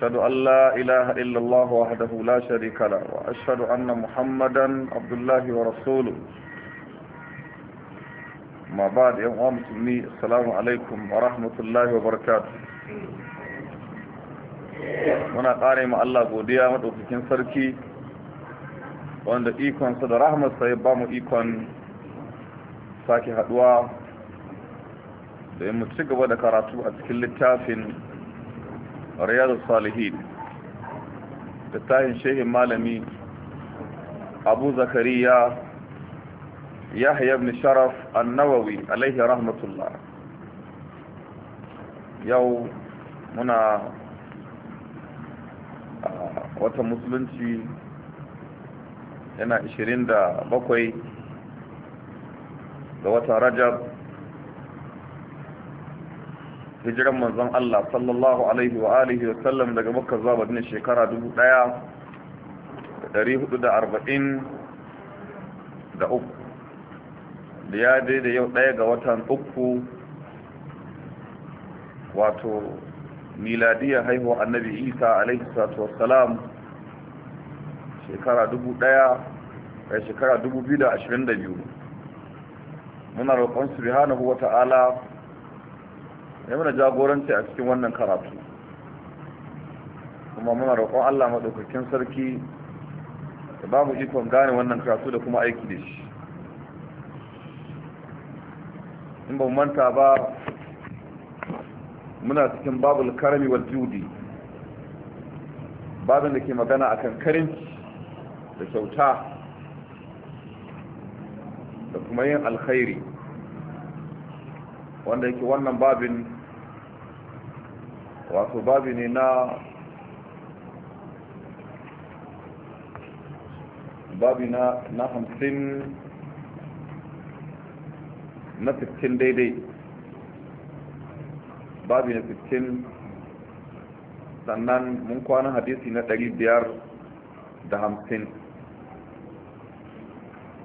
وأشهد أن لا إله إلا الله وحده لا شريك له وأشهد أن محمدا عبد الله ورسوله ما بعد يوم مسلمي السلام عليكم ورحمة الله وبركاته muna ƙare ma Allah godiya maɗaukakin sarki wanda ikonsa da rahmarsa ya bamu mu ikon sake haɗuwa da mu ci gaba da karatu a cikin littafin riyadus salihin littafin shehin malami abu zakariya yahya ibn sharaf an-nawawi alaihi rahmatullah yau muna ah, watan musulunci yana 27 ga watan rajab hijiran manzon Allah sallallahu alaihi wa alihi wa sallam daga Makka zuwa Madina shekara 1440 da uku da ya daidai yau ɗaya ga watan uku wato miladiya haihuwa annabi Isa alaihi salatu wassalam shekara 1000 eh, shekara 2022 muna roƙon wata ala. ya muna jagoranci a cikin wannan karatu kuma muna roƙon Allah maɗaukakin sarki da ba mu ikon gane wannan karatu da kuma aiki da shi in ba manta ba muna cikin babul karami wa judi babin da ke magana a kan karin da kyauta da kuma yin alkhairi wanda yake wannan babin wato babi ne na babi na na hamsin na fitin daidai babi na fitin sannan mun kwana hadisi na ɗari biyar da hamsin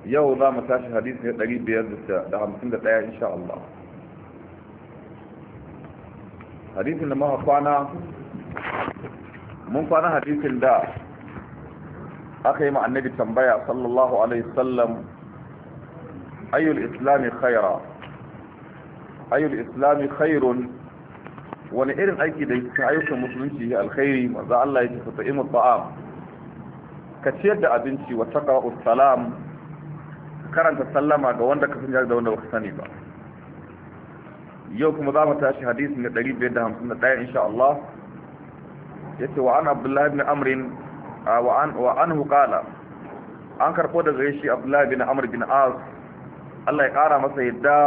yau za mu tashi hadisi na ɗari biyar da hamsin da ɗaya insha Allah hadisin da muka kwana mun kwana hadisin da aka yi ma annabi tambaya sallallahu alaihi wasallam ayyul islami khaira ayyul islami khairun wani irin aiki da yake ayyukan musulunci ya alkhairi manzo Allah ya tafi ta'imu ta'am ka ciyar da abinci wa taqa'u salam karanta sallama ga wanda ka san da wanda ba ka sani ba yau kuma za mu tashi hadisi na 551 insha Allah yace wa an Abdullah ibn Amr wa an wa anhu qala an karbo daga shi Abdullahi ibn Amr bin Az Allah ya kara masa yadda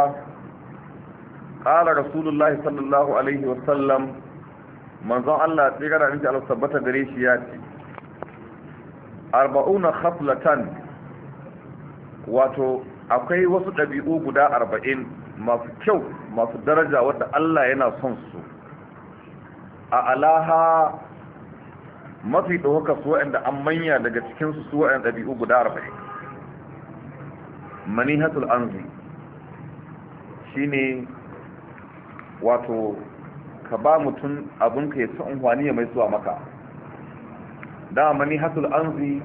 qala Rasulullahi sallallahu alaihi wa sallam manzon Allah tsigara inda Allah sabbata gare shi ya ce arba'una khaflatan wato akwai wasu dabi'u guda 40 masu kyau masu daraja wadda Allah yana son su a alaha mafi ɗauka su waɗanda an manya daga cikinsu su waɗanda ɗabi'u guda arba'in manihatul anzi ne wato ka ba mutum abinka ya ci unhwani ya mai zuwa maka dama manihatul anzi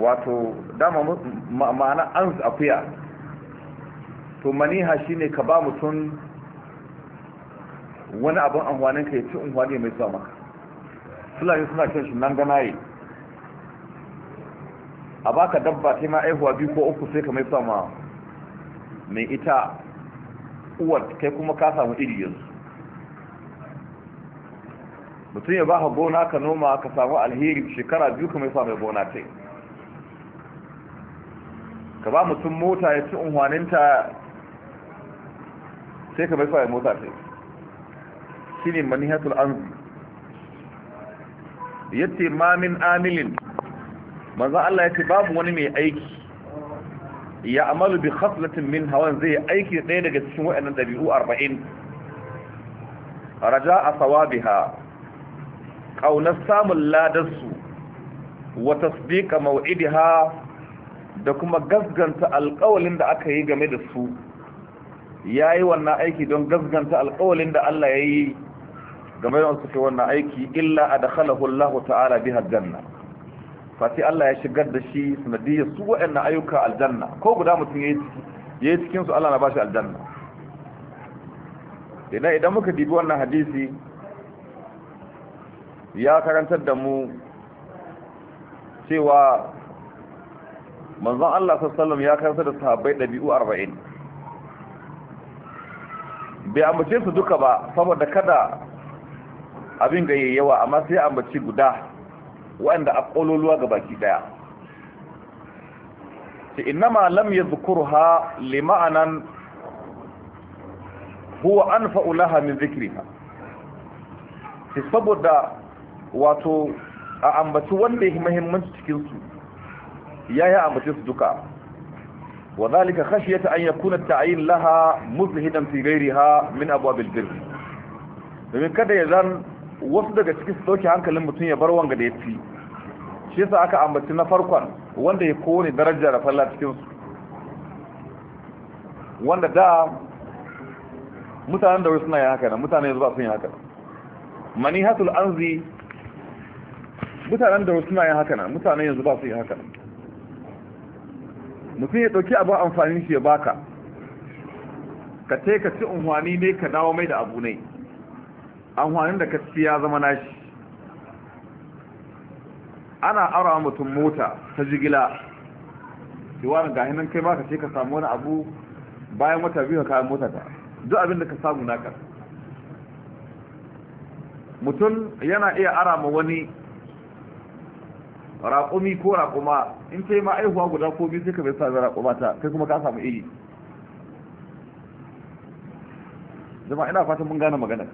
wato dama ma'ana anzi akuya to maniha shine ka ba mutum wani abin amfanin ka ya ci amfani mai zuwa maka fulani suna shan shi nan ganaye a baka dabba sai ma aihuwa biyu ko uku sai ka mai sama mai ita uwar kai kuma ka samu iri yanzu mutum ya ka gona ka noma ka samu alheri shekara biyu ka mai sa mai gona ta ka ba mutum mota ya ci unhwaninta sai ka bai sa ya motsa ta shi ne manihatul anzi yace mamin amilin manzo Allah ya ce babu wani mai aiki ya amalu bi khaslatin min hawan zai yi aiki ɗaya daga cikin ɗabi'u arba'in? Raja a sawabi sawabiha Ƙaunar samun ladarsu wa tasdiqa ha da kuma gasganta alƙawalin da aka yi game da su ya yi wannan aiki don gasganta alƙawalin da Allah ya yi game da suke wannan aiki illa a da khalahullahu ta'ala bi hajjanna fati Allah ya shigar da shi sanadiyya su waɗannan ayyuka aljanna ko guda mutum ya yi cikinsu Allah na ba shi aljanna idan idan muka dibi wannan hadisi ya karantar da mu cewa manzon Allah sallallahu ya karantar da sahabbai ɗabi'u arba'in. bai ambace su duka ba saboda kada abin ga amma sai ambaci guda wanda a ga baki daya ce innama lam yadhkurha lima'anan huwa anfa'u laha min dhikriha saboda wato a ambaci wanda yake muhimmanci cikin su yayi ambace su duka وذلك خشية أن يكون التعيين لها مزهدا في غيرها من أبواب البر domin kada ya zan wasu daga cikin su ɗauki hankalin mutum ya bar wanga da ya fi shi yasa aka ambaci na farkon wanda ya kowane daraja da falla cikin wanda da mutanen da suna yi haka nan mutane yanzu ba sun yi haka nan manihatul mutanen da suna yi haka nan mutane yanzu ba sun yi haka mutum ya ɗauki abu amfanin shi ya baka ka te ka ci unhwani ne ka dawo mai da abu ne amfanin da ka ci ya zama nashi ana ara mutum mota ta jigila cewa ga hinan kai baka ce ka samu wani abu bayan wata biyu ka kayan mota ta duk abin da ka samu naka mutum yana iya ara ma wani raƙumi ko raƙuma in ce ma aihuwa guda ko biyu sai ka bai sami raƙuma ta kai kuma ka samu iri zama ina fatan mun gane magana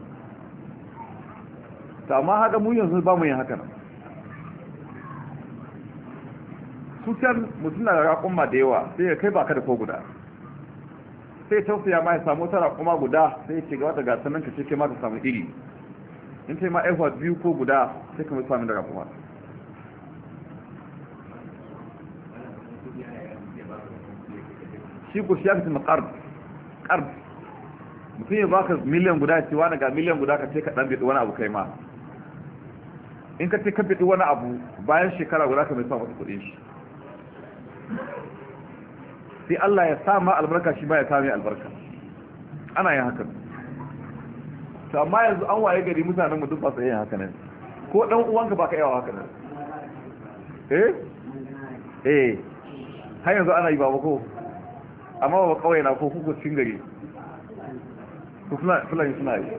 ta amma haka mun yanzu ba mu yin haka nan cutar mutum na raƙuma da yawa sai ya kai baka da ko guda sai tausaya ma ya samu ta raƙuma guda sai ya ce ga wata gasar nan ka ce ke ma ta samu iri in ce ma aihuwa biyu ko guda sai ka mai sami da raƙuma shi ko shi yafi fi makarb karb mutum ya baka miliyan guda ce wani ga miliyan guda ka ce ka dan bidi wani abu kai ma in ka ce ka bidi wani abu bayan shekara guda ka mai sa wata kuɗin shi sai Allah ya sa ma albarka shi ba ya sa mai albarka ana yin haka to amma yanzu an waye gari mutanen mu duk ba su yin haka ne ko dan uwanka baka yawa haka ne eh eh har yanzu ana yi babu ko amma ba kawai na ko kuka cikin gari Ku fulani suna yi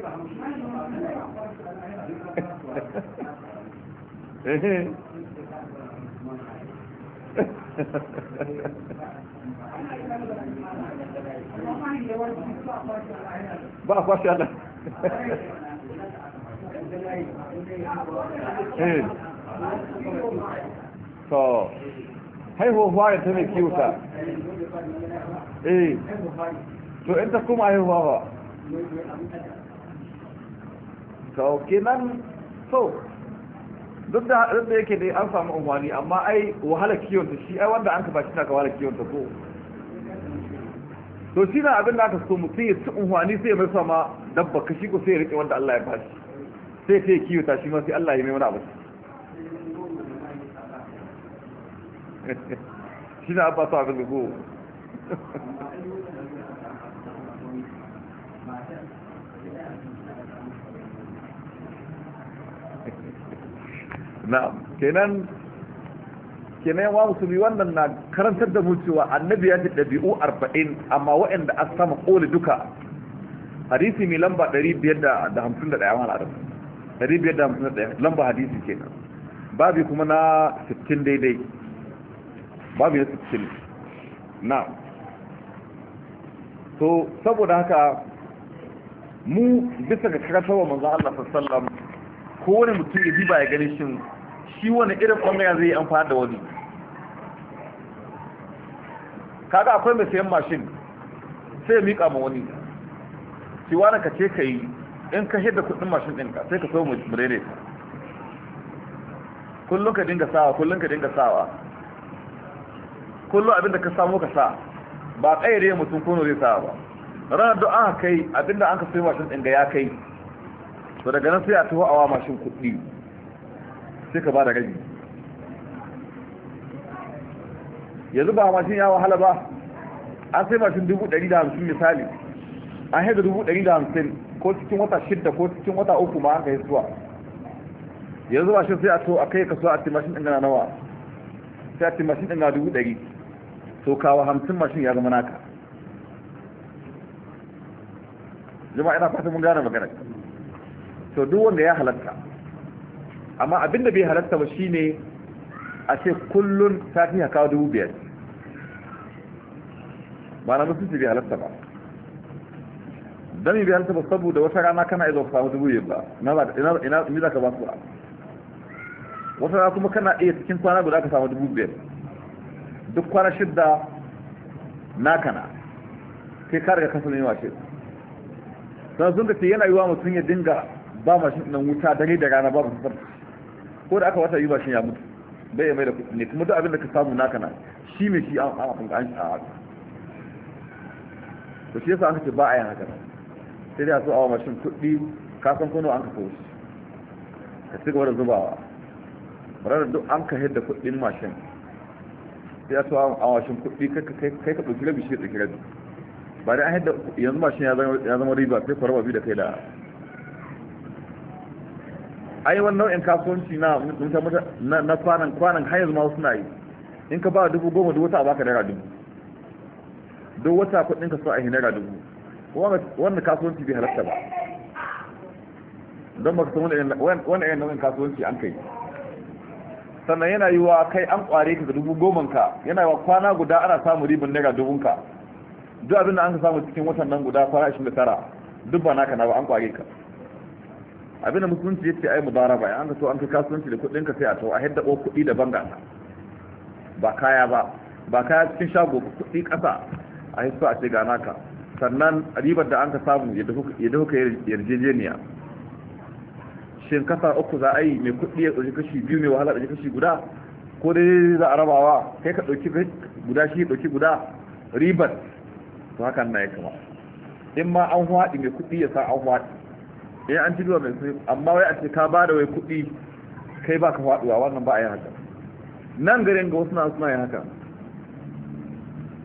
ba a kwashe ana eh. to haihuwa fara ta mai kiwuta eh to in ta kuma haihuwa ba kawo kenan so duk da haɗin da yake dai an samu umarni amma ai wahala kiwonta shi ai wanda an ka bashi na ka wahala kiwonta ko to shi na abin da aka so mutum ya ci umarni sai ya mai sama dabba kashi ko sai ya riƙe wanda Allah ya bashi sai ya ce kiwata shi ma sai Allah ya mai wani abu shi na abba sa gulgu kenan kenan musulmi wannan na karantar da mutuwa annabi ya ji ɗabi'u arba'in amma waɗanda an sama ƙoli duka hadisi mai lamba 551 biyar da hamsin lamba hadisi kenan babi kuma na sittin daidai babu ya cikin na so saboda haka mu bisa ga karatawa manzan Allah sassallam ko wani mutum ya diba ya gani shi wani irin bangare zai yi amfani da wani kada akwai mai sayan mashin sai ya mika ma wani shi wani ka ce ka yi in ka hidda kudin mashin ɗinka sai ka so mu rere kullum ka dinga sawa kullum ka dinga sawa kullum abinda ka samu ka sa ba kayyade mutum kuno zai sa ba ranar da aka kai abinda an ka sai mashin din ga ya kai to daga nan sai a taho awa mashin kuɗi sai ka ba da gaji yanzu ba mashin ya wahala ba an sai mashin dubu ɗari da hamsin misali an haida dubu ɗari da hamsin ko cikin wata shidda ko cikin wata uku ma an ka yi suwa yanzu mashin sai a to a kai ka so a ce mashin ɗin nawa sai a ce mashin ɗin gana dubu ɗari to kawo hamsin mashin ya zama naka jama'a ina fata mun gane magana to duk wanda ya halatta amma abinda bai halatta ba shine a ce kullun ta fi kawo dubu biyar ba na musulci bai halatta ba dami bai halatta ba saboda wata rana kana izo samu dubu biyar ba ina za ka ba su ba wata rana kuma kana iya cikin kwana guda ka samu dubu biyar duk kwana shidda naka na sai ka riga yi ne washe sannan sun ka ce yana wa mutum ya dinga ba mashin nan wuta dare da rana ba babu sufar ko da aka wata yi mashin ya mutu bai ya mai da kuɗi ne kuma duk abinda ka samu naka na shi mai shi an abin ka an shi a haka to shi yasa an kace ba a yin haka sai dai a so a wa mashin kuɗi kasan kuno an ka kawo shi ka ci gaba da zubawa ranar duk an ka hidda kuɗin mashin sai a sawa awashin kuɗi kai ka ɗauki rabi shi ɗauki rabi ba da ahidda yanzu mashin ya zama riba sai ku raba biyu da kai da ai wani nau'in kasuwanci na na kwanan kwanan har yanzu ma suna yi in ka ba dubu goma duk wata a baka naira dubu duk wata kuɗin ka so a yi naira dubu wannan kasuwanci bai halatta ba don baka san wani irin nau'in kasuwanci an kai sannan yana yi wa kai an kware ka da dubu goman ka yana yi wa kwana guda ana samun ribin naira dubun ka duk abin da an ka samu cikin watan nan guda kwana 29 duk ba naka na ba an kware ka abin da musulunci ce ai mubara ya an ka so an ka kasuwanci da kudin ka sai a to a hidda ko kudi da banga ba kaya ba ba kaya cikin shago kudi kasa a hisso a ce ga naka sannan ribar da an ka samu ya dafa ka yarjejeniya shin kasa uku za a yi mai kuɗi ya ɗauki kashi biyu mai wahala ɗauki kashi guda ko dai za a rabawa kai ka ɗauki guda shi ɗauki guda ribar to hakan na ya kama in ma an haɗi mai kuɗi ya sa an haɗi ya eh, an ci mai kuɗi amma wai a ce ka ba da wai kuɗi kai ba ka haɗuwa wannan ba a yi haka nan garin ga wasu na suna yin haka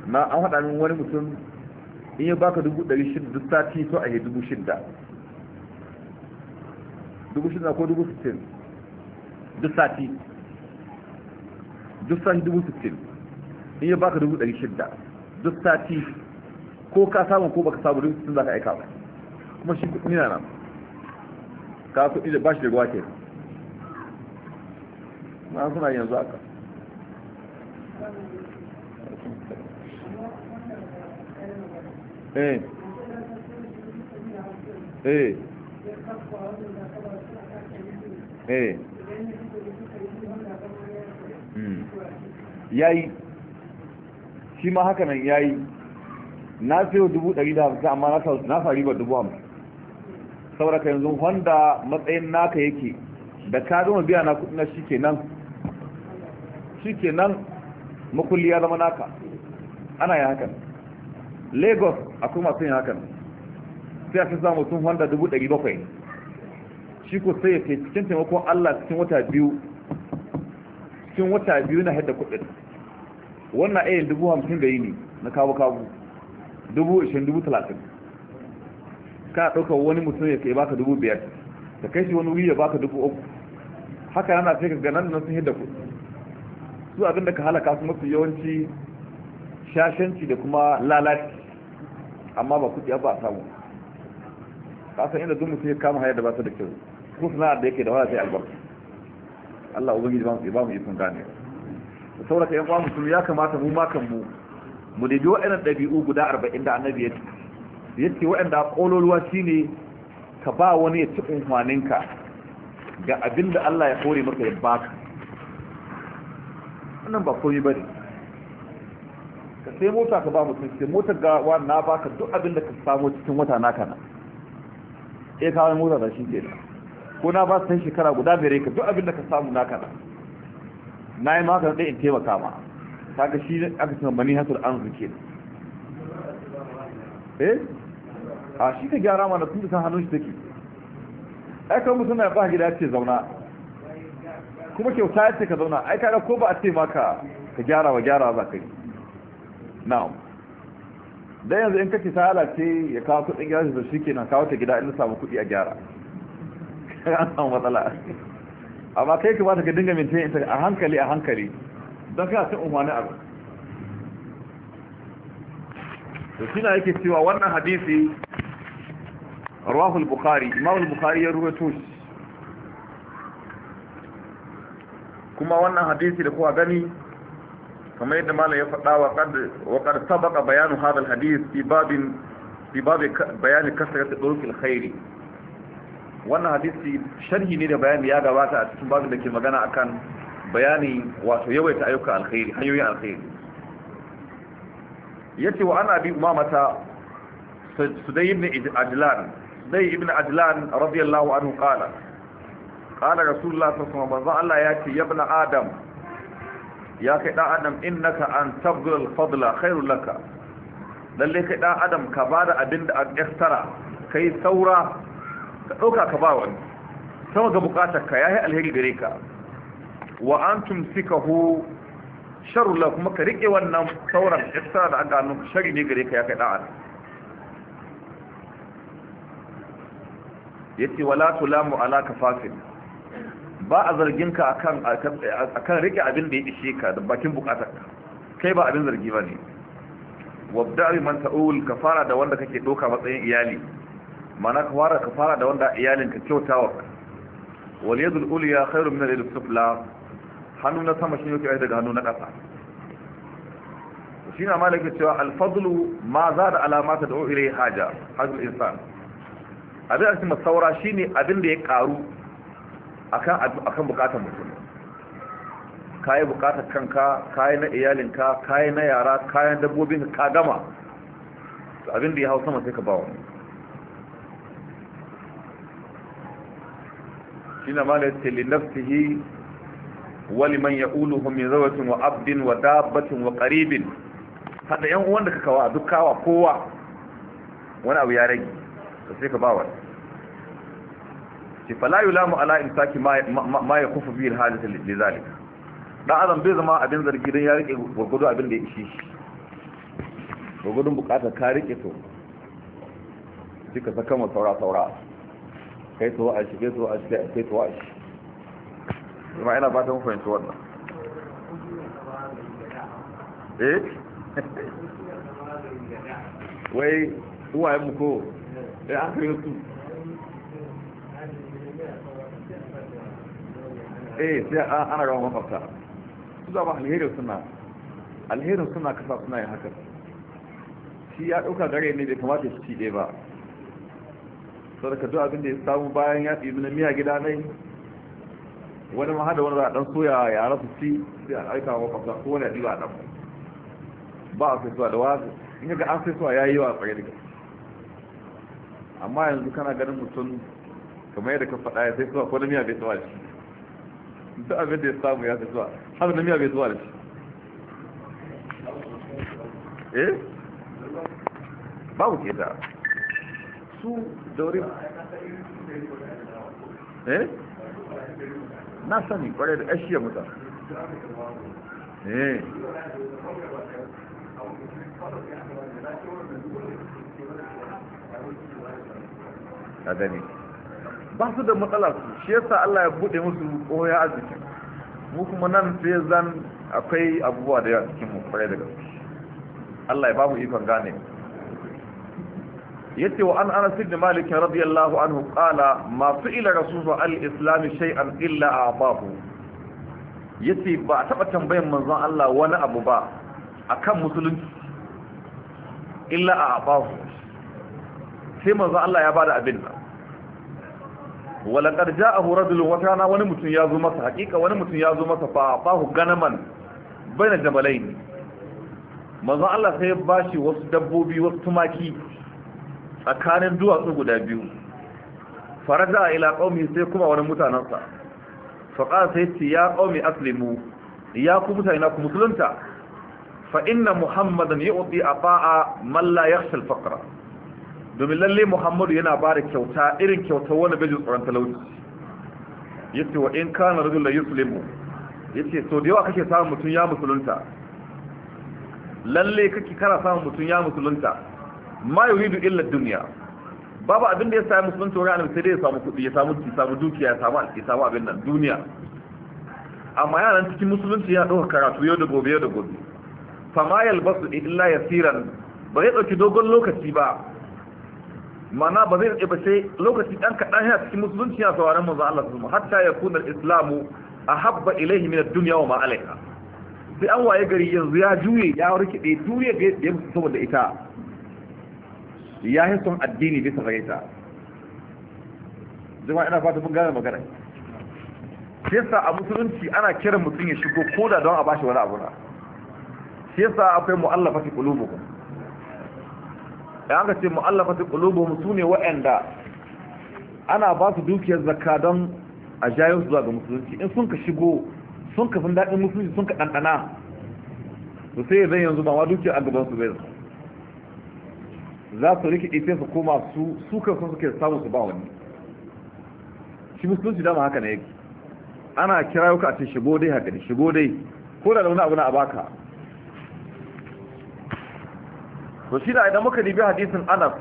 na an haɗa min wani mutum in ya baka dubu ɗari shida duk sati so a yi dubu shida dubu shida ko dubu sittin duk sati duk sati dubu sittin in ya baka dubu ɗari shida duk sati ko ka samu ko baka samu dubu sittin za ka aika ba kuma shi kuɗi na nan ka kuɗi da bashi da ruwa ke na suna yanzu aka eh eh Eh. Hmm. yayi shi ma haka nan yayi na sayo dubu ɗari da hamsin amma na sau na fari ba dubu hamsin saboda yanzu wanda matsayin naka yake da ka zama biya na kuɗi na shi nan shi ke nan makulli ya zama naka ana yi hakan lagos akwai masu yin hakan sai a fi samu sun wanda dubu ɗari bakwai shi ko sai ya kai cikin taimakon Allah cikin wata biyu cikin wata biyu na haɗa kuɗin wannan ayin dubu hamsin da yi ne na kawo kawo dubu ishirin dubu talatin ka ɗaukar wani mutum ya kai baka dubu biyar ta kai shi wani wuri ya baka dubu uku haka yana sai ka ganan nan sun hidda kuɗi su abin da ka halaka su mafi yawanci shashanci da kuma lalaci amma ba kuɗi ba a samu ka san inda dun mutum ya kama haya da ba su da kyau ko sana'ar da yake da wala sai albarka Allah ubangiji ba mu ba mu ikon gane da sauraka yan uwa mutum ya kamata mu makan mu mu da biyo waɗannan ɗabi'u guda arba'in da annabi ya ce ya ce waɗanda ƙololuwa shine ka ba wani ya ci unhwaninka ga abin da Allah ya kore maka ya baka wannan ba komai ne. ka sai mota ka ba mutum sai mota ga wani na baka duk abin da ka samu cikin wata naka na eh kawai mota da shi ke da. ko na ba su shekara guda biyar ka duk abin da ka samu na kana na yi maka ɗaya in taimaka ma ta ga shi aka cin mani hasar an zuke eh a shi ka gyara mana tun da san hannun shi take ai kan mutum na ba gida ce zauna kuma kyauta ya ce ka zauna ai kaga ko ba a ce maka ka gyara wa gyara za ka yi na'am dan yanzu in kace ta halace ya kawo kudin gyara shi kenan kawo ta gida in samu kudi a gyara an samu matsala amma kai ka bata ka dinga mintin ita a hankali a hankali don kana cin umarni abu to shine yake cewa wannan hadisi rawahul bukhari imam bukhari ya rubuto shi kuma wannan hadisi da kuka gani kamar yadda malam ya faɗa wa qad wa qad sabaqa bayanu hadha alhadith fi babin fi babi bayan kasrat dawkil khairi wannan hadisi sharhi ne da bayani ya gabata a cikin babin da ke magana akan bayani wato yawaita ayyukan alkhairi hanyoyin alkhairi yace wa ana bi umamata sudai ibn ajlan sudai ibn ajlan radiyallahu anhu qala qala rasulullah sallallahu alaihi wasallam Allah yace ya ibn adam ya kai dan adam innaka an tabdul fadla khairul laka lalle kai dan adam ka bada abinda an ikhtara kai saura ka ɗauka ka ba wani sama ga bukatar ka yayi alheri gare ka wa an tumsikahu la kuma ka rike wannan sauran extra da aka gano shari ne gare ka ya kai da'a yace wala tulamu ala kafatin ba a zargin ka akan akan rike abin da ya ishe ka da bakin bukatar ka kai ba abin zargi bane wabda'i man ta'ul kafara da wanda kake doka matsayin iyali mana ka fara ka fara da wanda iyalinka kyautawa wal yadul ulya khairu min al sufla hannu na sama shine yake daga hannu na ƙasa shine malaka cewa al fadlu ma zada ala ma tad'u ilayhi haja hajul insan abin da kuma saura shine abin da ya karu akan akan bukatar mutum kai bukatar kanka kai na iyalinka kai na yara kayan dabbobinka ka gama abin da ya hau sama sai ka ba wani shine malai ce li nafsihi wa liman ya'uluhu min zawatin wa abdin wa dabbatin wa qaribin hada yan uwan kawa duk kowa wani abu ya rage to ka ba wa ki fala yulamu ala imsaki ma ma yakufu bi alhadith lidhalik dan adam bai zama abin zargi dan ya rike gurgudu abin da ya ishi gurgudun bukatar ka rike to kika saka mu saura saura kai tuwa a shi kai tuwa a shi kai tuwa a shi kuma ina fata mun fahimci wannan eh wai uwa mu ko eh an kai su eh sai ana ga mafafta su zaba alherin suna alherin suna kasa suna yin haka shi ya ɗauka gare ne bai kamata su ci ɗaya ba sau da ka duk abin da ya samu bayan ya ɗibi na miya gida nai wani ma hada wani za a ɗan soya ya rasu ci sai a aika wa kwasa ko wani ɗiba a ɗan ba a sai da wazi in ga an sai suwa ya yi wa tsaye daga amma yanzu kana ganin mutum kamar yadda ka faɗa ya sai suwa ko na miya bai suwa da shi duk abin da ya samu ya sai suwa har na miya bai zuwa da shi eh babu ke da su da eh na sani kwarai da ashiya mutan eh a gani ba su da matsala su shi yasa Allah ya bude musu koya arziki mu kuma nan sai zan akwai abubuwa da yawa cikin mu kwarai da gaske Allah ya ba mu ikon gane yace wa an anas ibn malik radiyallahu anhu qala ma fi'ila rasulullah al-islam shay'an illa a'tahu yace ba taba tambayan manzon Allah wani abu ba akan musulunci illa a'tahu sai manzon Allah ya bada abin nan wala qad ja'ahu rajulun wa kana wani mutum ya zo masa hakika wani mutum ya zo masa fa a'tahu ganaman baina jabalaini manzon Allah sai ya bashi wasu dabbobi wasu tumaki tsakanin duwatsu guda biyu faraja ila qaumi sai kuma wani mutanansa fa qala sai ce ya qaumi aslimu ya ku mutane ku musulunta fa inna muhammadan yu'ti ata'a man la yakhsha al-faqra domin lalle muhammadu yana bada kyauta irin kyauta wani bai tsoron talauci yace wa in kana rajul la yuslimu yace so da yawa kake samun mutun ya musulunta lalle kake kana samun mutun ya musulunta ma yuridu illa dunya babu abin da ya sami musulun tori annabi sai dai ya samu kudi ya samu ya samu dukiya ya samu ya samu abin nan duniya amma ya nan cikin musulunci ya dauka karatu yau da gobe yau da gobe fa ma yalbasu illa yasiran ba zai dauki dogon lokaci ba mana ba zai ba sai lokaci dan kadan yana cikin musulunci ya sauraron manzo Allah subhanahu hatta yakuna al-islamu ahabba ilayhi min ad-dunya wa ma alayha sai an waye gari yanzu ya juye ya rikide duniya ga yadda saboda ita ya yi son addini bisa gare ta zama ina fata mun gane magana shi yasa a musulunci ana kiran mutum ya shigo ko da, don a bashi wani abu na shi yasa akwai mu'allafati kulubu ya aka ce mu'allafati qulubuhum sune wa'anda ana ba su dukiyar zakka don a jayo su zuwa ga musulunci in sun ka shigo sun ka sun daɗin musulunci sun ka ɗanɗana su sai zai yanzu ba ma dukiyar a gaban su bai zan za su rikide sai su koma su suka sun suke samun su ba wani shi musulunci dama haka ne yake ana kira yau ka ce shigo dai haka ne shigo dai ko da wani abu na abaka to shi da idan muka dibi hadisin anas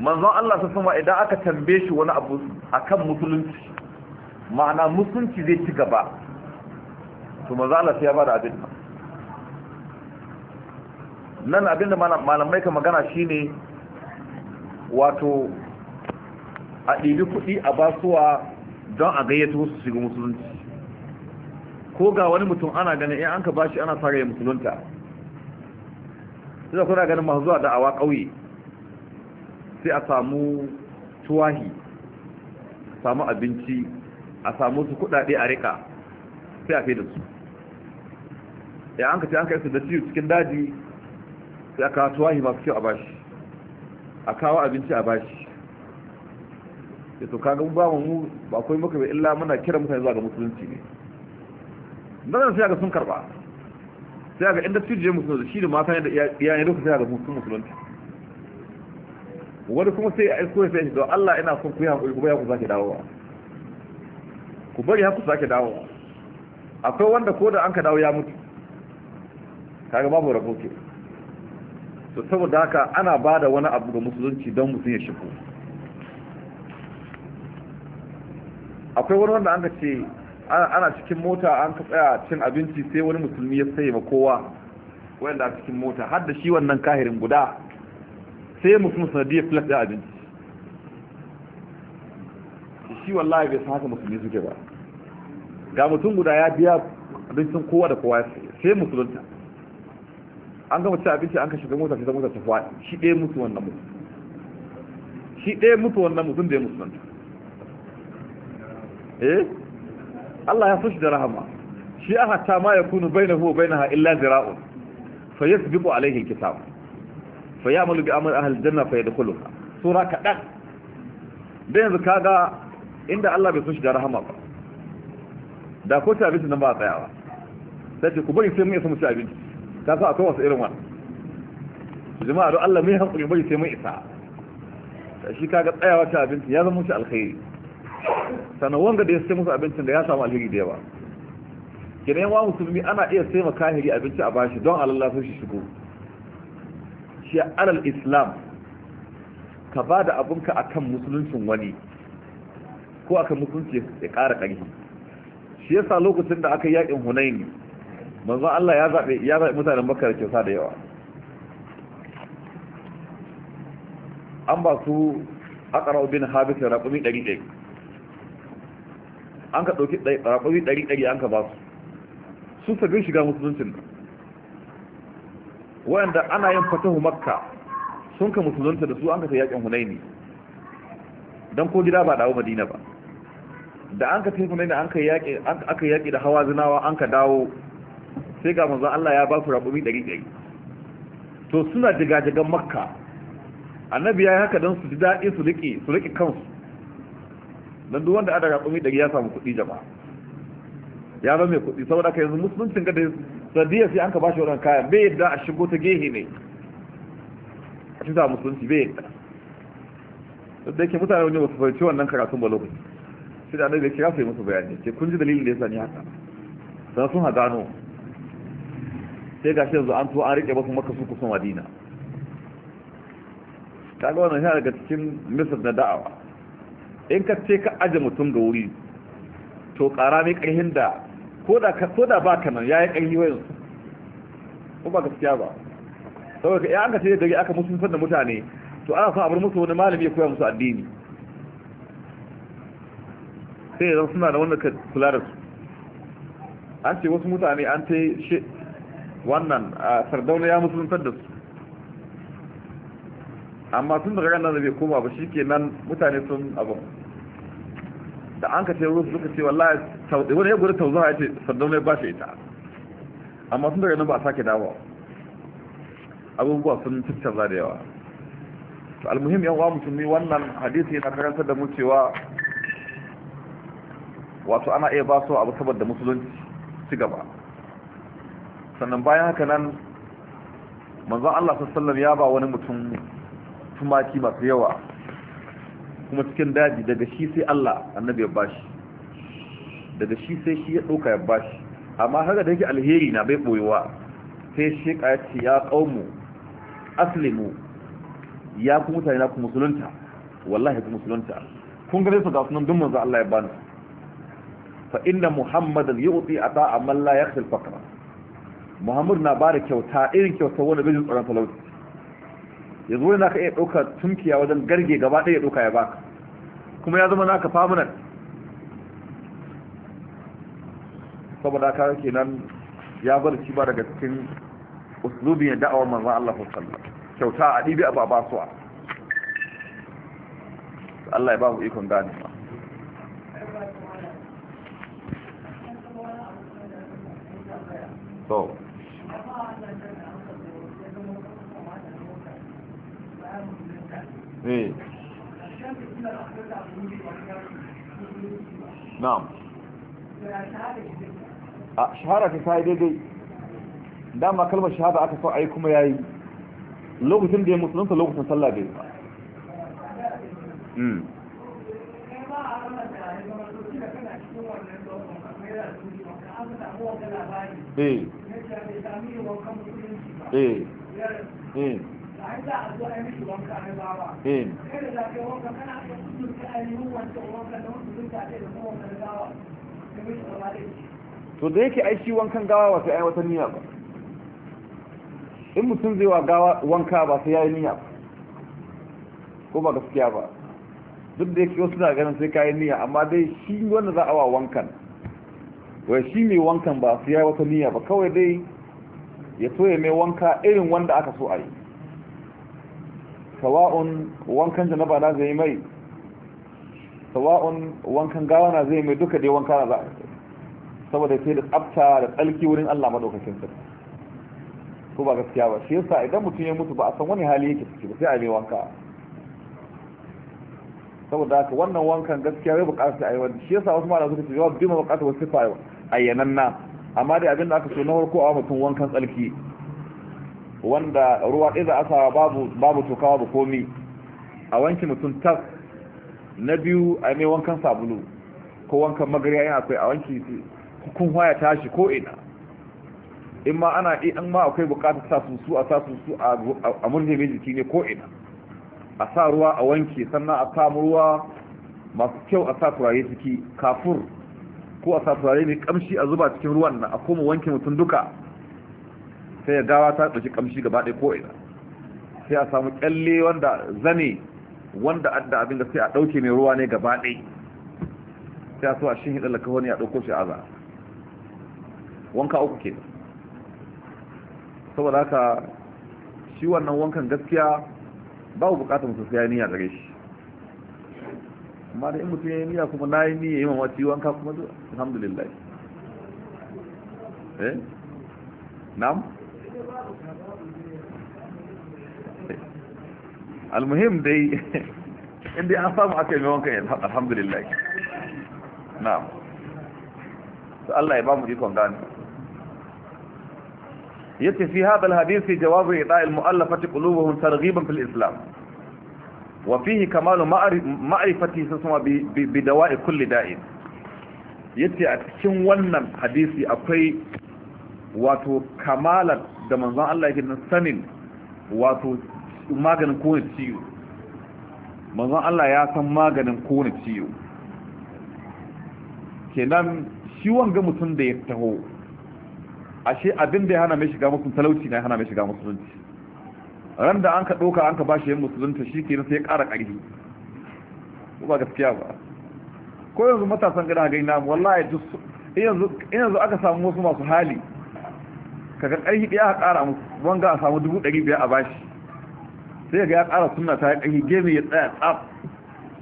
manzon Allah ta sama idan aka tambaye shi wani abu akan musulunci ma'ana musulunci zai ci gaba to manzon Allah sai ya bada abin nan nan abinda malamai ka magana shine wato a ɗibi kuɗi a basuwa don a gayyato su shiga musulunci ko ga wani mutum ana ganin in an ka bashi ana fara ya musulunta sai kuna ganin masu zuwa da'awa ƙauye sai a samu tuwahi a samu abinci a samu su kuɗaɗe a rika sai a fi da su ya an ka ce an ka yi su da cikin daji sai a tuwa tuwahi masu kyau a bashi a kawo abinci a bashi ya to kagan ba mu ba akwai maka bai illa muna kira mutane zuwa ga musulunci ne nan sai ga sun karba sai ga inda tije musulunci shi da mata da iyayen duka sai ga sun musulunci wani kuma sai a isko sai don Allah ina son ku yi hakuri kuma ya ku sake dawowa ku bari haku sake dawowa akwai wanda ko da an ka dawo ya mutu kaga babu rabo kenan to saboda haka ana ba da wani abu ga musulunci don musu ya shigo akwai wani wanda an ka ce ana cikin mota an ka tsaya cin abinci sai wani musulmi ya sayi ma kowa wanda a cikin mota har da shi wannan kahirin guda sai musulmi sanadiyar filas da abinci shi wallahi bai san haka musulmi suke ba ga mutum guda ya biya abincin kowa da kowa sai musulunta an gama ci abinci an ka shiga mota shiga mota ta faɗi shi ɗaya mutu wannan mutu shi ɗaya mutu wannan mutum da ya mutu nanta eh Allah ya fushi da rahama shi aka ta ma ya kunu bai na huwa bai na illa zira'un fa a laihin alkitab fa ya'malu bi amur ahal janna fa yadkhuluha sura kaɗan da yanzu kaga inda Allah bai fushi da rahama ba da ko ci abinci nan ba a tsayawa sai ku bari sai mun yi ci abinci ka san akwai wasu irin wani jama'a don Allah mai hankali bai sai mai isa shi ga tsayawa ta abinci ya zama shi alkhairi sannan wanga da ya sai musu abincin da ya samu alheri da yawa kina yawa musulmi ana iya sai ma kahiri abinci a bashi don alallah sai shi shigo shi alal islam ka ba da abinka akan musuluncin wani ko akan musulunci ya ƙara ƙarfi shi yasa lokacin da aka yi yakin hunaini manzo Allah ya zabe ya zabe mutanen Makka da kyauta da yawa an ba su aqra bin habis raqumi 100 an ka dauki raqumi 100 an ka ba su sun sabbin shiga musulunci wanda ana yin fatahu makka sun ka musulunta da su an ka ta yakin hunaini don ko gida ba dawo madina ba da an ka tafi hunaini an ka yaƙi da hawa zinawa an ka dawo sai ga manzo Allah ya ba su raƙumi ɗari ɗari to suna jigajigan makka annabi ya yi haka don su ji daɗi su riƙe su riki kansu don duk wanda ada raƙumi ɗari ya samu kuɗi jama'a ya ba mai kuɗi saboda kai yanzu musulunci ga da sadiya sai an ka bashi wannan kayan bai yadda a shigo ta gehe ne a cikin musulunci bai yadda duk da yake mutane wani wasu fahimci wannan karatun ba lokaci sai da annabi ya kira su yi musu bayani ce kun ji dalilin da ya sani haka don sun ha gano sai ga shi yanzu an tuwa an rike masu maka su kusan madina ta ga wannan yana daga cikin misal na da'awa in ka ce ka aje mutum ga wuri to ƙara mai ƙarhin da ko da ba ka nan ya yi ƙarhi wayan ko ba gaskiya ba saboda ya aka ce gari aka musu da mutane to ana sa abar musu wani malami ya koya musu addini sai yanzu suna da wanda ka kula da su an ce wasu mutane an ta wannan sardauna ya musuluntar da su amma sun daga ranar da bai koma ba shi ke nan mutane sun abin da an ka ce rusu suka ce wallahi wani ya gudu tauzo ya ce sardauna ya ba shi ita amma sun daga nan ba a sake dawo abubuwa sun tattaza da yawa to almuhim yan uwa musulmi wannan hadisi na karantar da mu cewa wato ana iya ba su abu saboda musulunci ci gaba sannan bayan haka nan manzon Allah sallallahu ya ba wani mutum tumaki masu yawa kuma cikin daji daga shi sai Allah annabi ya bashi daga shi sai shi ya dauka ya bashi amma haka da yake alheri na bai boyewa sai shi ya ce ya qaumu aslimu ya ku mutane na ku musulunta wallahi ku musulunta kun gare su ga sunan dun manzo Allah ya bani fa inna muhammadan yu'ti ata la yakhil faqra muhammadu na ba da kyauta irin kyauta wanda bai jin tsoron talauci ya zo yana ka iya ɗauka tunkiya wajen garge gaba ɗaya ɗauka ya baka kuma ya zama naka famunan saboda ka nan ya bar shi ba daga cikin uslubi ya da'awar manzan Allah sallallahu kyauta a ɗibi ba ba su Allah ya ba mu ikon gane ma so Eh. na'am a shahara ta yi daidai dama kalmar shahada aka so a kuma ya yi lokacin da ya musulunta lokacin sallah bai hmm. eh eh eh to da yake aiki shi wankan gawa ba sai ai wata niyya ba in mutum zai wa gawa wanka ba sai yayi niyya ba ko ba gaskiya ba duk da yake wasu na ganin sai kayi niyya amma dai shi wanda za a wa wankan wai shi mai wankan ba sai yayi wata niyya ba kawai dai ya so ya mai wanka irin wanda aka so a yi sawa'un wankan janaba na zai mai sawa'un wankan gawa na zai mai duka dai wanka na za a saboda sai da tsafta da tsalki wurin Allah madaukakin sarki ko ba gaskiya ba shi yasa idan mutum ya mutu ba a san wani hali yake ciki ba sai a yi wanka saboda haka wannan wankan gaskiya bai bukatar sai a yi wani shi yasa wasu mara suka ce yawa bi ma bukatar wasu ayyanan na amma dai abin da aka so na farko a mutum wankan tsalki wanda ruwa iza asa babu babu tukawa ba komi a wanki mutum tas na biyu a mai wankan sabulu ko wankan magariya yana akwai a wanki kun waya tashi ko ina in ma ana an ma akwai bukatar sa su a sa su a murje mai jiki ne ko ina a sa ruwa a wanki sannan a samu ruwa masu kyau a sa turare ciki kafur ko a sa turare mai kamshi a zuba cikin ruwan nan a koma wanke mutum duka sai gawa ta ɗauki kamshi gaba ɗaya ko ina sai a samu kyalle wanda zane wanda adda abin da sai a ɗauke mai ruwa ne gaba ɗaya sai a so a shi hidar lakawa ne a ɗauko shi aza wanka uku ke saboda haka shi wannan wankan gaskiya babu bukatar mutum sai ya niyya gare shi amma da in mutum ya yi niyya kuma na yi niyya yi mamaci wanka kuma alhamdulillah eh nam almuhim dai inda an samu aka yi mai wankan alhamdulillah na'am su Allah ya ba mu ikon gani yace fi hadha alhadith jawab i'ta'il mu'allafati qulubuhum targhiban fil islam wa fihi kamal ma'rifati sasma bi dawa'i kulli da'in yace a cikin wannan hadisi akwai wato kamalar da manzon Allah yake nan sanin wato maganin kowane ciwo manzon Allah ya san maganin kowane ciwo kenan shi wanga mutum da ya taho ashe abin da ya hana mai shiga musu talauci na ya hana mai shiga musulunci ran da an ka ɗauka an ka bashi yin musulunta shi kenan sai ya ƙara ƙarfi ko ba gaskiya ba ko yanzu matasan gida gani ina wallahi yanzu aka samu wasu masu hali kaga ƙarfi ɗaya a ƙara musu wanga a samu dubu ɗari biyar a bashi sai ga ya ƙara suna ta ɗari gemi ya tsaya tsaf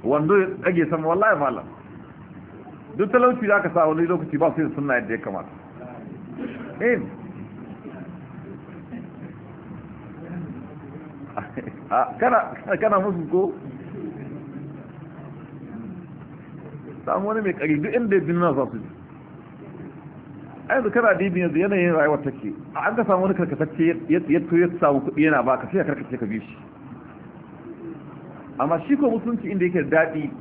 wando ya ɗage sama wallahi malam duk talauci za ka sa wani lokaci ba su yin suna yadda ya kamata in kana musu ko samu wani mai ƙari duk inda ya bin na za su ji ai yanzu kana dibi yanzu yanayin rayuwar take an ka samu wani karkatacce ya ya samu kuɗi yana ba ka sai ka karkace ka bi shi amma shi ko mutunci inda yake daɗi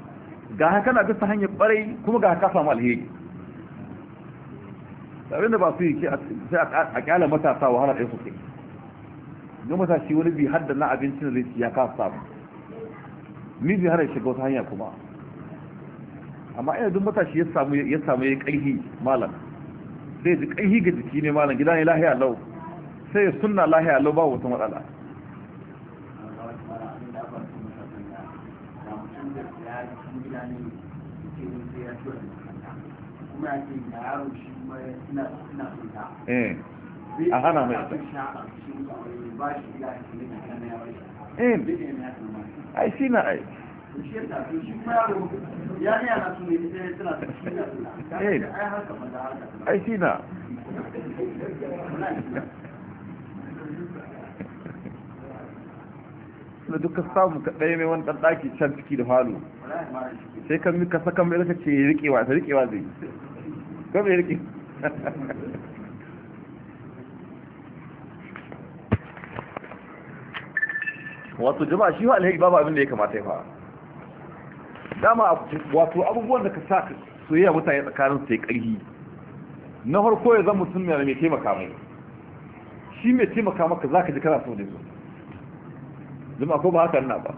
ga haka na bisa hanyar ɓarai kuma ga haka samu alheri da da ba su yi sai a kyala matasa wahala ɗaya sosai don matashi wani bi hadda na abincin zai ya ka samu ni bi hana shiga wata hanya kuma amma ina duk matashi ya samu ya ƙarfi malam zai ji kai ga jiki ne malam gida ne lahiya lau sai suna sunna lahiya lau ba wata matsala eh, a hana mai ta eh, ai shi na ai shi yasa to shi kuma yaro ya ai shi na da duka samu ka mai wani ɗanɗaki can ciki da falo sai kan mika sakan mai ce riƙewa ta riƙewa zai ko mai riƙe wato jama'a shi wa alhaji babu abin da ya kamata ya fara dama wato abubuwan da ka sa soyayya mutane tsakanin sai karhi na farko ya zama mutum mai taimaka mai shi mai taimaka maka za ka ji kana so ne so zama ko ba haka na ba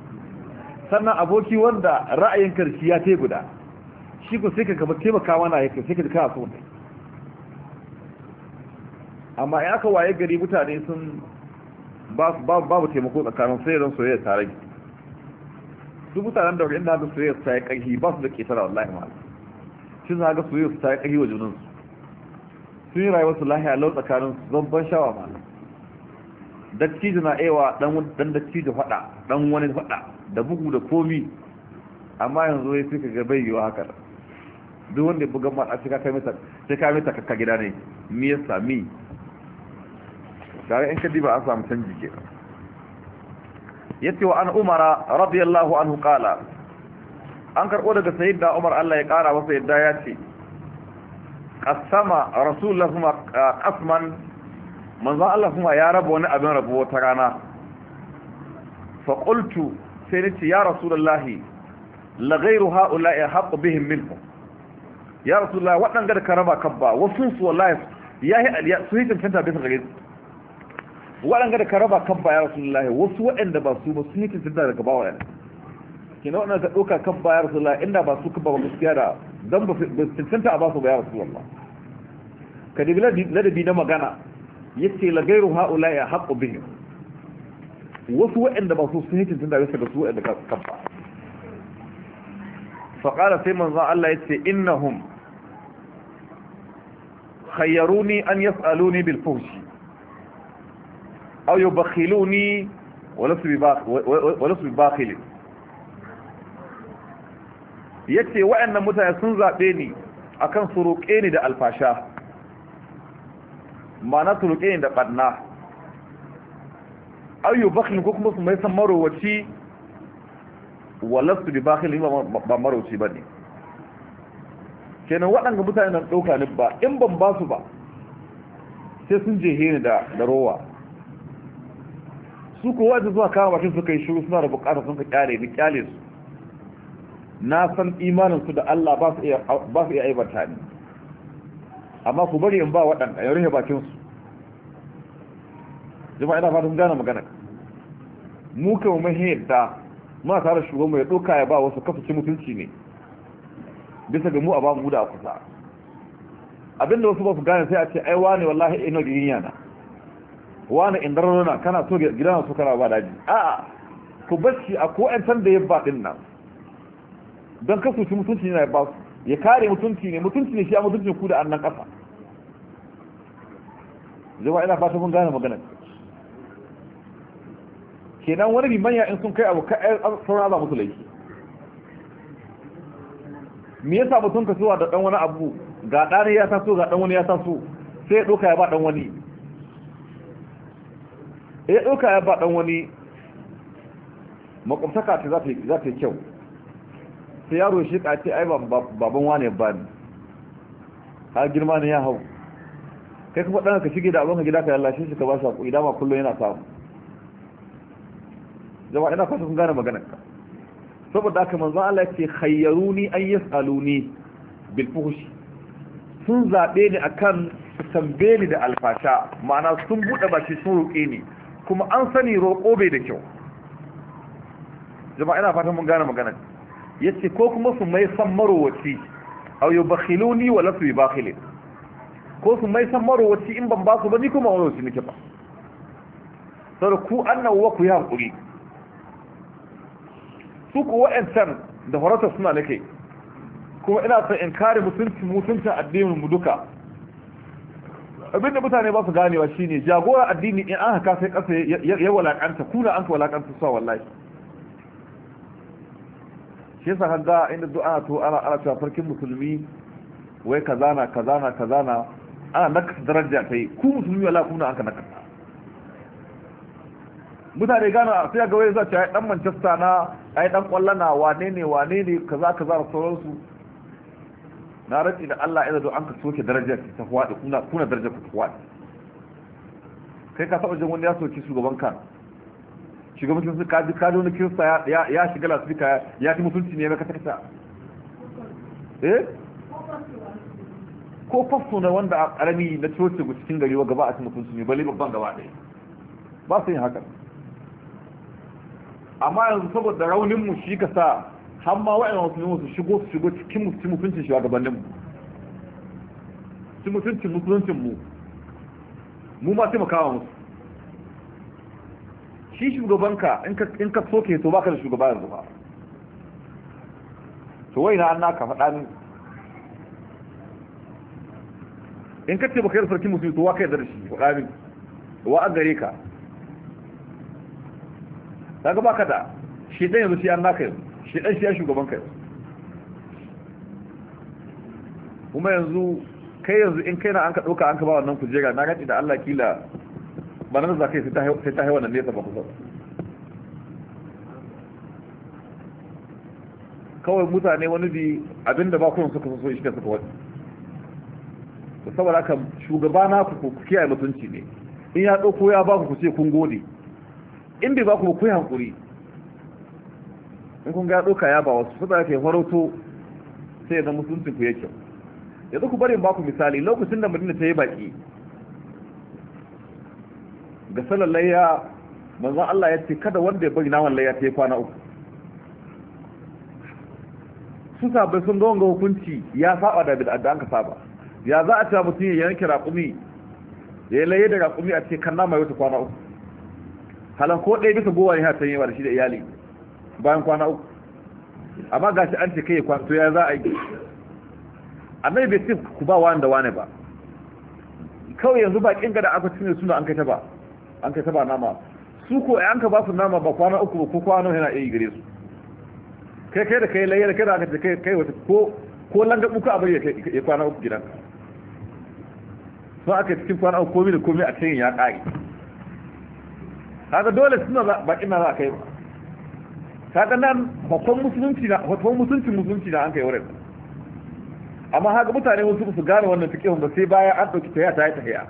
sannan aboki wanda ra'ayin karshe ya tai guda shi ko sai ka gaba taimaka mana yake sai ka ji kana so ne amma in aka waye gari mutane sun babu taimako tsakanin sai ran soyayya tare duk mutanen da inda ga soyayya ta yi ƙarfi ba su da ke tara wallahi ma shi za ga soyayya ta yi ƙarfi wa junansu sun yi rayuwar su lahiya lau tsakanin zan ban shawa ma dattijo na ewa dan dan dattijo faɗa dan wani faɗa da bugu da komi amma yanzu ya fi ka ga bai yiwa haka duk wanda ya buga ma a cika kai mata sai ka mata kakka gida ne mi ya sami tare in ka diba an samu canji kenan yace wa an umara radiyallahu anhu qala an karbo daga sayyida umar Allah ya kara masa yadda ya ce qasama rasulullahi qasman manzo Allah kuma ya raba wani abin rabo ta rana fa qultu sai nace ya rasulullahi la ghayru haula'i haqq bihim minhu ya rasulullahi waɗanda da karaba kabba wasu su wallahi yahi su hitin tanta bisa gare su waɗanda da ka raba kabba ya rasulullahi wasu waɗanda ba su ba su yi kintar daga bawa yana kina waɗanda ka ɗauka kabba ya rasulullahi inda ba su kaba ba gaskiya da don ba cancanta a ba su ba ya rasulullah ka dibi ladabi na magana ya ce lagairu ha'ula ya haƙo bihin wasu waɗanda ba su sun yi kintar daga su waɗanda ka kabba faƙara sai manzan Allah ya ce innahum khayyaruni an yas'aluni bil fawshi aw يبخلوني wala su bakhilin yace waɗannan mutane sun zaɓe ni akan su roƙe ni da alfasha ma'ana su roƙe ni da ɓarna aw ko kuma su mai san kenan waɗanda mutane na ɗauka ni ba in ban ba su ba sai sun je da da rowa su ko wajen zuwa kama bakin suka yi shiru suna da bukata sun ka kyale ni kyale su na san imanin su da Allah ba su iya aibata ni amma ku bari in ba waɗanda ya rufe bakin su jama'a ina fatan gane magana mu ka mu mahiyarta ma tare shugaban mai doka ya ba wasu kafa ci mutunci ne bisa ga mu a ba mu da a kusa abinda wasu ba su gane sai a ce ai wane wallahi ina girin yana wani in darnuna kana so gida na so kana ba daji a'a ku bashi a ko yan san da ya ba din nan don kasu shi mutunci ne ya ba su ya kare mutunci ne mutunci ne shi a mutuncin ku da annan ƙasa zama ina fata mun gane Ke kenan wani limanya in sun kai abu eh, sauran za musu laifi me yasa mutum ka suwa da dan wani abu ga ɗani ya taso ga dan wani ya taso sai ya ɗauka ya ba dan wani ya ɗauka ya ba ɗan wani makwamtaka ta za ta yi kyau sai yaro shi ka ce ai baban wane ba ne ha girma ne ya hau kai kuma ɗan ka shige da abin ka gida ka yallashe shi ka ba shi haƙuri dama kullum yana samu jama'a ina kwasa sun gane maganar ka saboda haka manzo Allah ce khayyaruni an yasaluni bil fuhsh sun zabe ni akan tambaye ni da alfasha ma'ana sun bude baki sun roƙe ni kuma an sani roƙo bai da kyau jama'a ina fatan mun gane magana yace ko kuma su mai san marowaci aw yubakhiluni wa lasu yubakhilin ko su mai san marowaci in ban ba su ba ni kuma wani nake ba sai ku wa ku yi haƙuri? su ku wa'ancan da horata suna nake kuma ina son in kare mutuncin mutuncin addinin mu duka abinda mutane ba su gane wa shine jagora addini in an haka sai kasa ya walakanta kuna an walakanta sa wallahi shi yasa hanga inda du'a to ana ana cewa farkin musulmi wai kazana kazana kazana ana naka daraja ta yi ku musulmi wala kuna an ka naka mutane gana sai ga wai za ta yi dan Manchester na ai dan kwallana wane ne wane ne kaza kaza sauransu na rantsi da Allah yanzu zo an ka soke darajar ta fadi kuna kuna darajar ku fadi kai ka saba jin wani ya soke shugaban ka shugaban ka sun kaji kaji wani kirista ya ya shiga lasfika ya ci mutunci ne maka kasa. eh ko fasto na wanda a karami na coci ku cikin gari wa gaba a ci mutunci ne balle babban gaba ɗaya ba su yin haka amma yanzu saboda raunin mu shi ka sa har ma wasu musulmi su shigo su shigo cikin mutum mutuncin shugabanninmu su mutuncin mutuncinmu mu mu ma makawa musu shi shugabanka in ka soke to baka da shugaba yanzu ba to wai na an naka faɗa ni in ka ce baka yarda sarki musulmi to wa kai da shi faɗa ni wa an gare ka daga baka da shi dan yanzu shi an naka yanzu shi dan shi ya shugaban ka kuma yanzu kai yanzu in kai na an ka ɗauka an ka ba wannan kujera na gaji da Allah kila ba na za kai sai ta haiwa nan nesa ba kusa kawai mutane wani bi abinda ba kuma suka so shi ne suka wani saboda haka shugaba na ku ku kiyaye mutunci ne in ya ɗauko ya ba ku ku ce kun gode in bai ba ku ku yi hankuri in kun ga doka ya ba wasu saboda kai farauto sai da musulunci ku kyau yanzu ku bari baku misali lokacin da Madina ta yi baki ga sallar layya manzo Allah ya ce kada wanda ya bari naman layya ta yi kwana uku su sabai sun ga wanga hukunci ya saba da bid'a da anka saba ya za a ta mutum ya yanke raƙumi ya laye da raƙumi a ce kan nama ya wuce kwana uku halan ko ɗaya bisa gowa ne ha ta yi ba da shi da iyali bayan kwana uku amma ga shi an ce kai kwanto ya za a yi annabi bai ce ku ba wani da wani ba kawai yanzu ba kinga da aka cinye suna an kai ta ba an kai ta ba nama su ko an ka ba su nama ba kwana uku ba ko kwana yana iya gare su kai kai da kai layyar kai da aka ce kai kai wata ko ko langa uku a bari ya kwana uku gidan sun aka cikin kwana uku komai da komai a cikin ya kare haka dole suna ba kina za a kai ba kaga nan bakon musulunci na bakon musulunci musulunci na an kai wurin amma haka mutane wasu su gane wannan fiqhun ba sai baya an dauki tahiya ta yi tahiya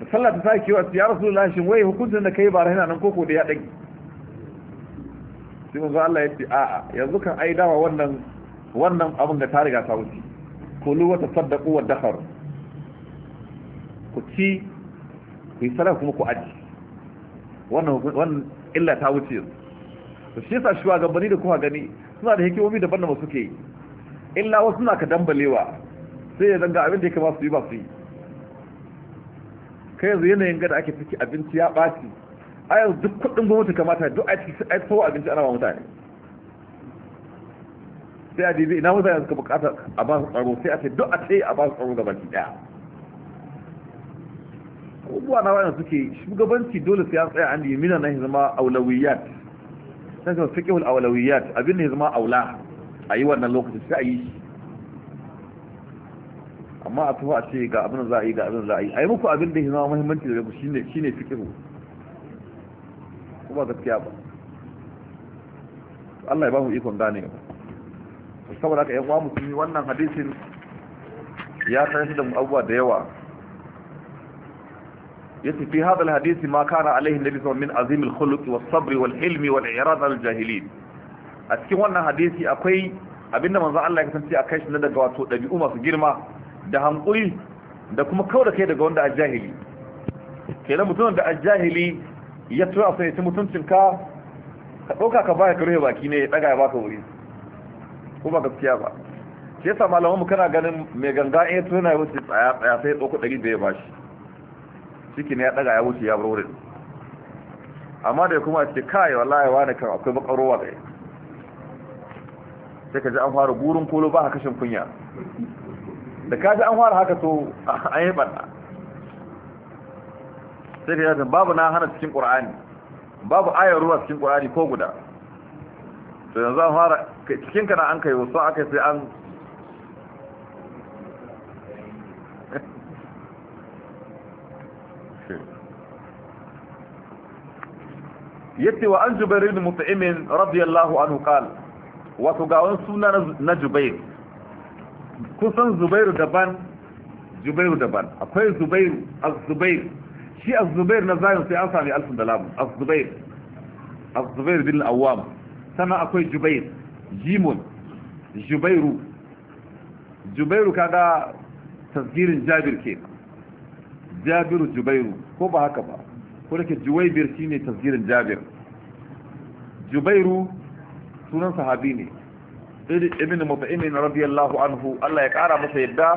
da sallah ta sai kiwa ya rasulullahi shin wai hukuncin da kai ba rahina nan koko da ya dage sai manzo Allah ya ce a'a yanzu kan ai dawa wannan wannan abin da ta riga ta wuce kulu wa tasaddaqu wa dakhar ku ci ku yi sallah kuma ku aji wannan wannan illa ta wuce yanzu da shi yasa shugabanni da kuma gani suna da hikimomi daban da suke yi illa wasu na ka dambalewa sai ya zanga abin da ya kama su yi ba su yi kai yanzu yanayin gada ake ciki abinci ya ɓaci a yanzu duk kuɗin gwamnati kamata duk a cikin a tsawo abinci ana ba mutane sai a dibi ina mutane suka bukata a ba su tsaro sai a ce duk a ce a ba su tsaro da baki ɗaya abubuwa na wayan suke shugabanci dole sai an tsaya an yi mina na zama aulawiyat sai ga fiqhul awlawiyat abin ne zama aula a yi wannan lokacin sai a yi shi amma a tuwa a ce ga abin da za a yi ga abin da za a yi a yi muku abin da ya zama muhimmanci daga shi ne fiqhu kuma gaskiya ba Allah ya ba mu ikon gane ba saboda ka yan uwa musulmi wannan hadisin ya karanta da mu abubuwa da yawa yace fi hadha alhadith ma kana alaihi annabi sallallahu min azim alkhuluq was-sabr wal-hilm wal-i'rad jahilin a cikin wannan hadisi akwai abinda manzo Allah ya kasance a kai shi na daga wato dabi'u masu girma da hankuri da kuma kauda kai daga wanda ajahili kenan mutumin da ajahili ya tura sai ta mutuncin ka ka dauka ka baya kare baki ne ya daga ya baka wuri ko gaskiya ba shi yasa malaman mu kana ganin mai ganga in ya tuna ya wuce tsaya tsaya sai ya dauko 100 da ya bashi ciki ne ya daga ya wuce ya bar wurin amma da kuma ce kai wallahi wani kan akwai bakarowa dai sai ka ji an fara gurin kolo ba kashin kunya da ka ji an fara haka to an yi barna sai ka yi babu na hana cikin ƙur'ani babu ayar ruwa cikin ƙur'ani ko guda to yanzu an fara cikin kana an kai wasu aka sai an yace wa an jubair ibn mut'im radiyallahu anhu qala wato ga wani suna na jubair kusan zubairu daban zubairu daban akwai zubairu az-zubair shi az-zubair na zayin sai an sami alfin da lamu az-zubair az-zubair bin al-awwam sana akwai jubair jimun jubairu jubairu kaga tasgirin jabir ke jabiru jubairu ko ba haka ba ko da ke juwaibir shi ne tafsirin jabir jubairu sunan sahabi ne ibn mutaimin radiyallahu anhu Allah ya kara masa yadda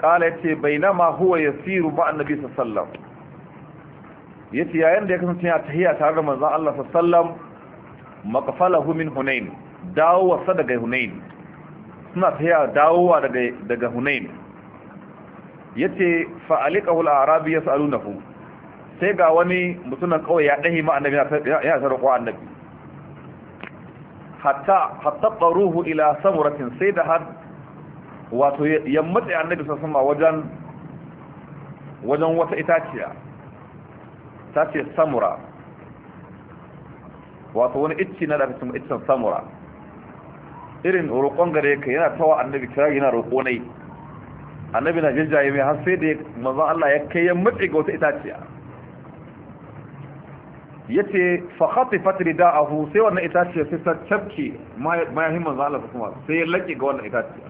kala yace bainama huwa yasiru ba annabi sallallahu alaihi wasallam yace yayin da ya kasance ya tahiyya tare da manzon Allah sallallahu alaihi min hunain dawowarsa daga hunain suna tahiyya dawowa daga daga hunain yace fa aliqahu al-arabi yas'alunahu sai ga wani mutumin kawai ya ɗahi ma annabi yana sarrafa annabi hatta hatta ruhu ila samuratin sai da har wato ya matsa annabi sun sama wajen wajen wata itaciya ta ce samura wato wani itci na daga cikin iccen samura irin roƙon gare ka yana tawa annabi kira yana roƙo ne annabi na jajjaye mai har sai da manzon Allah ya kai ya matsa ga wata itaciya Ya yace fa khatifat rida'ahu sai wannan itaciya sai ta tafke mayahin manzo Allah kuma sai ya laƙe ga wannan itaciya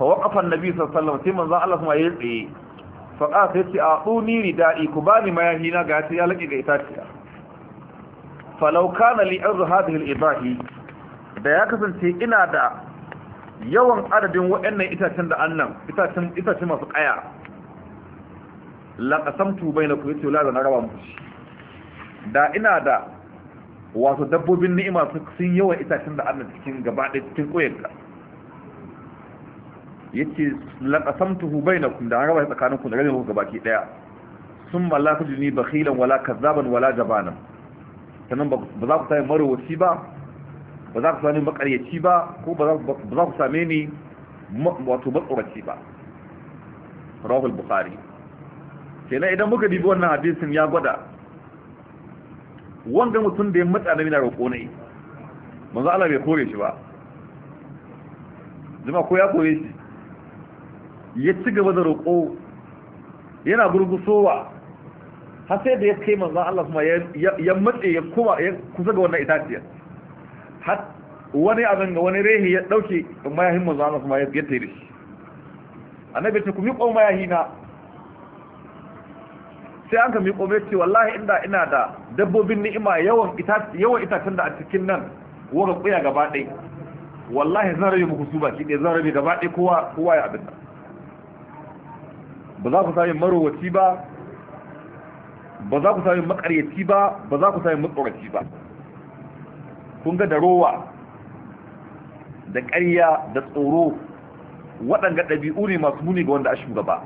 fa waqafa na biyu alaihi wasallam sai manzo Allah kuma ya tsaye fa qala sai ce a'tuni rida'i ku bani mayahina ga sai ya lake ga itaciya fa law kana li arzu hadhihi al-ibahi da ya kasance ina da yawan adadin waɗannan itacen da annan itacen masu ƙaya. kaya la qasamtu bainakum yace la zan raba muku da ina da wato dabbobin ni'ima sun yawan itacen da Allah cikin gaba ɗaya cikin ƙoyarka yace na bainakum da raba tsakaninku da rabewa gabaki daya summa la ba bakhilan wala kazzaban wala jabanan sanan ba za ku sami marowaci ba ba za ku sami makaryaci ba ko ba za ku same ni wato matsoraci ba rawul bukhari na idan muka dibi wannan hadisin ya gwada wanda mutum da ya matsa annabi na roƙo ne manzo Allah bai kore shi ba zama ko ya kore shi ya ci gaba da roƙo yana gurgusowa har sai da ya kai manzo Allah kuma ya matse ya kuma ya kusa ga wannan itaciya har wani abin ga wani rehi ya dauke mayahin manzo Allah kuma ya tayar shi annabi yi ku mayahi na. sai an ka miƙo mai ce wallahi inda ina da dabbobin ni'ima yawan itacen da a cikin nan waka kuya gaba ɗai wallahi zan rabe muku su baki ɗaya zan rabe gaba ɗai kowa kowa ya abin ba za ku sami marowaci ba ba za ku sami makaryaci ba ba za ku sami matsoraci ba kun ga da rowa da ƙarya da tsoro waɗanga ɗabi'u ne masu muni ga wanda a shugaba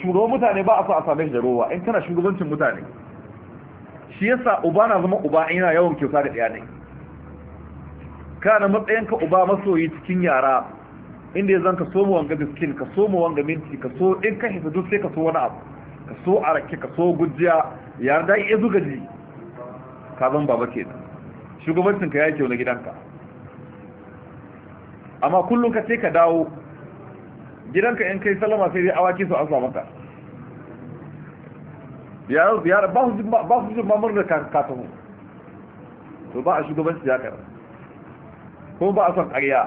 shugaban mutane ba a so a same shi da ruwa in kana shugabancin mutane shi yasa uba na zama uba in yana yawan kyauta da ɗaya ne kana matsayin ka uba masoyi cikin yara inda ya zan ka soma wanga biskin ka soma wanga minti ka so in ka hita duk sai ka so wani abu ka so rake ka so gujiya yara da ya zuga ji ka zan baba nan shugabancin ka ya kyau na gidanka amma kullum ka ce ka dawo gidanka in kai sallama sai dai awaki su amsa maka yaro yaro ba su ba su mamar da kafin mu to ba a su ya kai ko ba a son ƙarya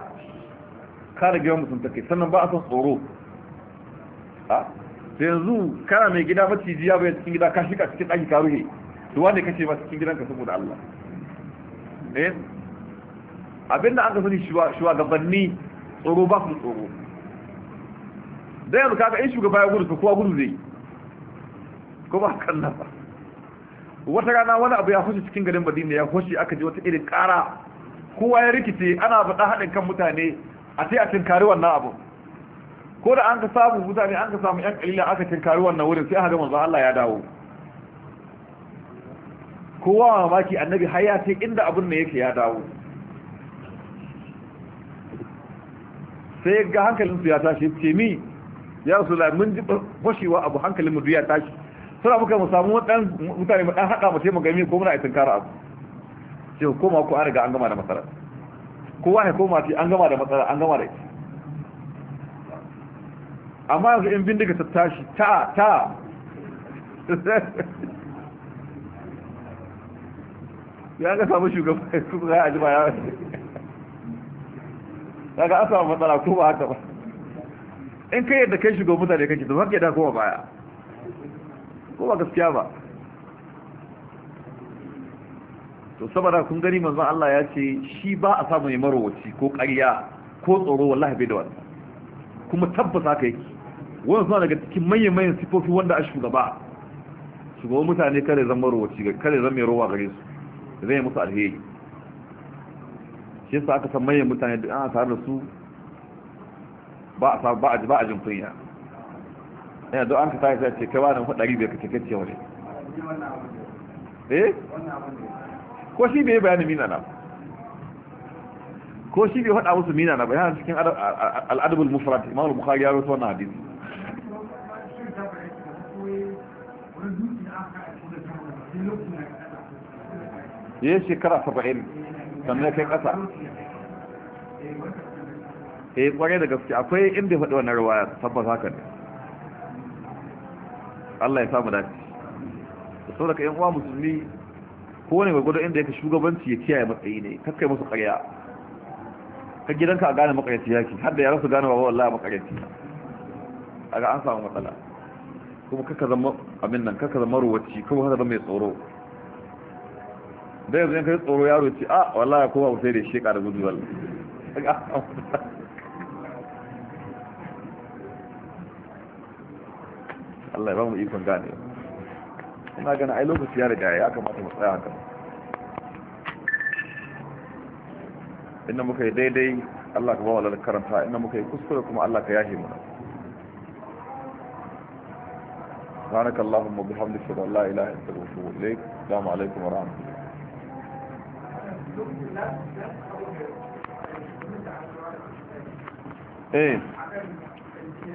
kare gidan mutum take sannan ba a son tsoro a sai yanzu kana mai gida maciji ya bayan cikin gida ka shiga cikin ɗaki ka ruhe to wanda kace ba cikin gidanka saboda Allah eh abinda aka sani shuwa gabanni tsoro ba su tsoro da yanzu kaka in shugaba ya gudu to kowa gudu zai ko ba kan nan ba wata rana wani abu ya hushe cikin garin badin ya hushe aka ji wata irin kara. kowa ya rikice ana faɗa haɗin kan mutane a sai a tinkari wannan abu ko da an ka samu mutane an ka samu yan kalila aka tinkari wannan wurin sai a ga manzo Allah ya dawo kowa mamaki annabi har ya ce inda abun ne yake ya dawo sai ga hankalinsu ya tashi ce mi ya da mun ji fashewa abu hankalin mu duya tashi suna muka mu samu wadan mutane mu dan haka mu sai mu gami ko muna aikin kara abu sai koma ko an riga an gama da matsala kowa ne koma fi an gama da matsala an gama da amma yanzu in bindiga ta tashi ta ta ya ga samu shugaba su ga ajiba ya ga an matsala ko ba haka ba in kai yadda kai shugaban mutane kake to haka da kowa baya ko ba gaskiya ba to saboda kun gani manzo Allah ya ce shi ba a samu ya marowaci ko ƙarya ko tsoro wallahi bai da wannan kuma tabbata haka yake wannan suna daga cikin manyan manyan sifofi wanda a shugaba shugaban mutane kare zan marowaci ga kare zan mai rowa gare su zai musu alheri shi yasa aka san manyan mutane da ana tare da su ba a ba a ba a jin kunya ina don an ka tashi sai ce kai wani hudari bai kace kace wani eh ko shi bai bayani mina na ko shi bai faɗa musu mina na bayan cikin al'adabul mufrad imam al-bukhari ya rawaito wannan hadisi ya shekara 70 sannan kai kasa eh kwarai da gaske akwai inda faɗi wannan ruwaya tabbata haka ne Allah ya samu dace sau daga yan uwa musulmi ko ne gwagwado inda yake shugabanci ya kiyaye matsayi ne kakkai musu ƙarya ka gidanka a gane makaryaci yaki har da ya su gane babu wallahi makaryaci a ga an samu matsala kuma kaka zama abin nan kaka zama ruwaci kuma kaka zama mai tsoro da yanzu yanka tsoro yaro ce a ah, wallahi kowa sai da shekara gudu wallahi Allah ya ba mu ikon gane ina gana ai lokaci ya riga ya kamata mu tsaya haka inda muka yi daidai Allah ka ba wa karanta inda muka yi kuskure kuma Allah ka yahe mu سبحانك اللهم وبحمدك اشهد ان لا اله الا انت استغفرك اليك السلام عليكم ورحمه الله ايه